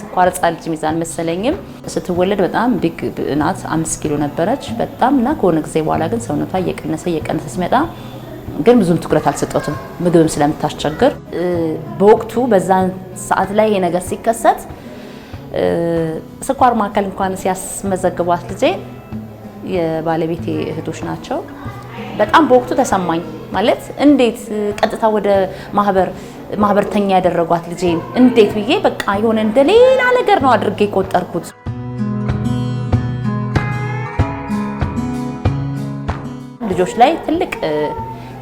ስኳር ሕፃን ልጅ ሚዛን መሰለኝም። ስትወለድ በጣም ቢግ ናት፣ አምስት ኪሎ ነበረች በጣም እና ከሆነ ጊዜ በኋላ ግን ሰውነቷ እየቀነሰ እየቀነሰ ሲመጣ ግን ብዙም ትኩረት አልሰጠትም፣ ምግብም ስለምታስቸግር በወቅቱ በዛን ሰዓት ላይ ይሄ ነገር ሲከሰት ስኳር ማዕከል እንኳን ሲያስመዘግቧት ልጄ የባለቤቴ እህቶች ናቸው። በጣም በወቅቱ ተሰማኝ ማለት እንዴት ቀጥታ ወደ ማህበር ማህበርተኛ ያደረጓት ልጄን እንዴት ብዬ በቃ የሆነ እንደ ሌላ ነገር ነው አድርጌ የቆጠርኩት። ልጆች ላይ ትልቅ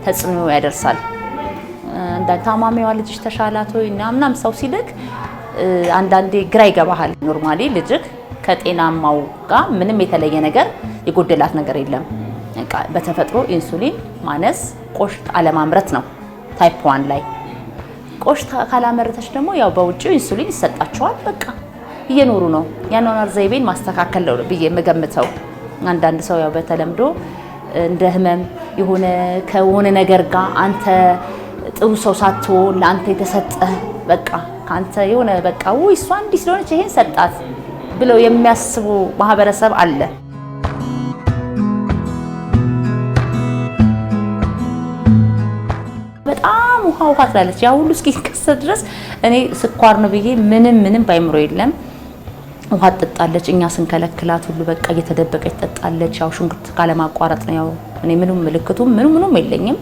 ተጽዕኖ ያደርሳል። እንደ ታማሚዋ ልጅሽ ተሻላት ወይ ምናምን ሰው ሲልክ አንዳንዴ ግራ ይገባሃል። ኖርማሊ ልጅህ ከጤናማው ጋር ምንም የተለየ ነገር የጎደላት ነገር የለም። በተፈጥሮ ኢንሱሊን ማነስ ቆሽት አለማምረት ነው ታይፕ ዋን ላይ ቆሽታ ካላመረተች ደግሞ ያው በውጭው ኢንሱሊን ይሰጣቸዋል። በቃ እየኖሩ ነው። የአኗኗር ዘይቤን ማስተካከል ነው ብዬ የምገምተው። አንዳንድ ሰው ያው በተለምዶ እንደ ህመም የሆነ ከሆነ ነገር ጋር አንተ ጥሩ ሰው ሳትሆን ለአንተ የተሰጠ በቃ ከአንተ የሆነ በቃ ውይ እሷ እንዲህ ስለሆነች ይሄን ሰጣት ብለው የሚያስቡ ማህበረሰብ አለ። ውሃ ውሃ ትላለች። ያ ሁሉ እስኪከሰት ድረስ እኔ ስኳር ነው ብዬ ምንም ምንም ባይምሮ የለም ውሃ ትጠጣለች። እኛ ስንከለክላት ሁሉ በቃ እየተደበቀች ትጠጣለች። ያው ሽንኩርት ካለማቋረጥ ነው። ያው እኔ ምንም ምልክቱ ምንም ምንም የለኝም።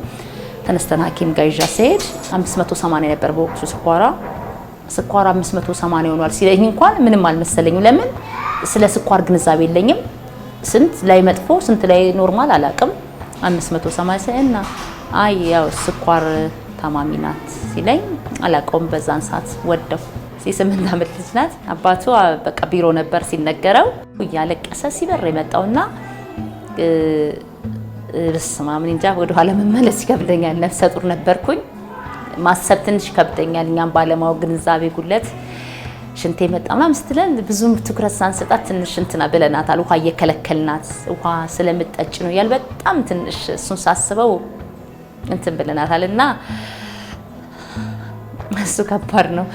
ተነስተን ሐኪም ጋር ይዣ ስሄድ 580 ነበር በወቅቱ ስኳሯ ስኳር 580 ሆኗል ሲለኝ እንኳን ምንም አልመሰለኝም። ለምን ስለ ስኳር ግንዛቤ የለኝም። ስንት ላይ መጥፎ ስንት ላይ ኖርማል አላቅም። 580 እና አይ ያው ስኳር ታማሚ ናት ሲለኝ አላውቀውም። በዛን ሰዓት ወደው የስምንት ዓመት ልጅ ናት። አባቱ በቃ ቢሮ ነበር ሲነገረው እያለቀሰ ሲበር የመጣውና ስማ ምን እንጃ ወደኋላ መመለስ ይከብደኛል። ነፍሰ ጡር ነበርኩኝ። ማሰብ ትንሽ ከብደኛል። እኛም ባለማወቅ ግንዛቤ ጉለት ሽንቴ መጣ ምናምን ስትለን ብዙም ትኩረት ሳንሰጣት ትንሽ እንትና ብለናታል። ውሃ እየከለከልናት ውሃ ስለምጠጭ ነው እያል በጣም ትንሽ እሱን ሳስበው እንትን ብለናታል እና እሱ ከባድ ነው።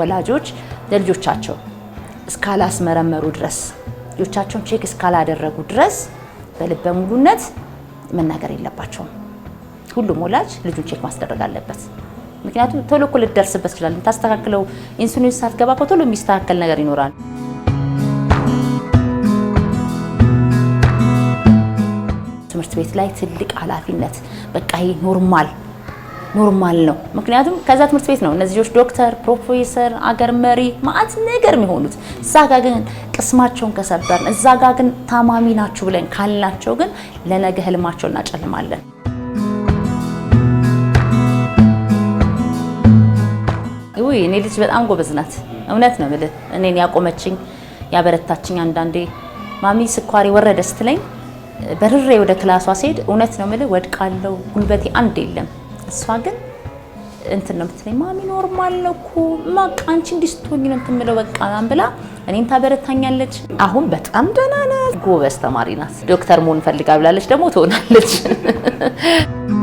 ወላጆች ለልጆቻቸው እስካላስመረመሩ ድረስ ልጆቻቸውን ቼክ እስካላደረጉ ድረስ በልበ ሙሉነት መናገር የለባቸውም። ሁሉም ወላጅ ልጁን ቼክ ማስደረግ አለበት። ምክንያቱም ቶሎ እኮ ልደርስበት ይችላል። ታስተካክለው ኢንሱሊን ሳትገባ እኮ ቶሎ የሚስተካከል ነገር ይኖራል። ትምህርት ቤት ላይ ትልቅ ኃላፊነት በቃ ይሄ ኖርማል ኖርማል ነው። ምክንያቱም ከዛ ትምህርት ቤት ነው እነዚህ ልጆች ዶክተር፣ ፕሮፌሰር፣ አገር መሪ ማአት ነገር የሚሆኑት። እዛ ጋ ግን ቅስማቸውን ከሰበርን፣ እዛ ጋ ግን ታማሚ ናችሁ ብለን ካልናቸው ግን ለነገ ህልማቸው እናጨልማለን። ውይ እኔ ልጅ በጣም ጎበዝ ናት። እውነት ነው የምልህ እኔን ያቆመችኝ ያበረታችኝ አንዳንዴ ማሚ ስኳሪ ወረደ ስትለኝ በርሬ ወደ ክላሷ ሲሄድ እውነት ነው የምልህ ወድቃለሁ፣ ጉልበቴ አንድ የለም። እሷ ግን እንትን ነው የምትለኝ፣ ማሚ ኖርማል ነው እኮ ማቃ አንቺ እንዲህ ስትሆኝ ነው የምትምለው፣ በቃ ብላ እኔን ታበረታኛለች። አሁን በጣም ደህና ናት፣ ጎበዝ ተማሪ ናት። ዶክተር መሆን ፈልጋ ብላለች፣ ደግሞ ትሆናለች።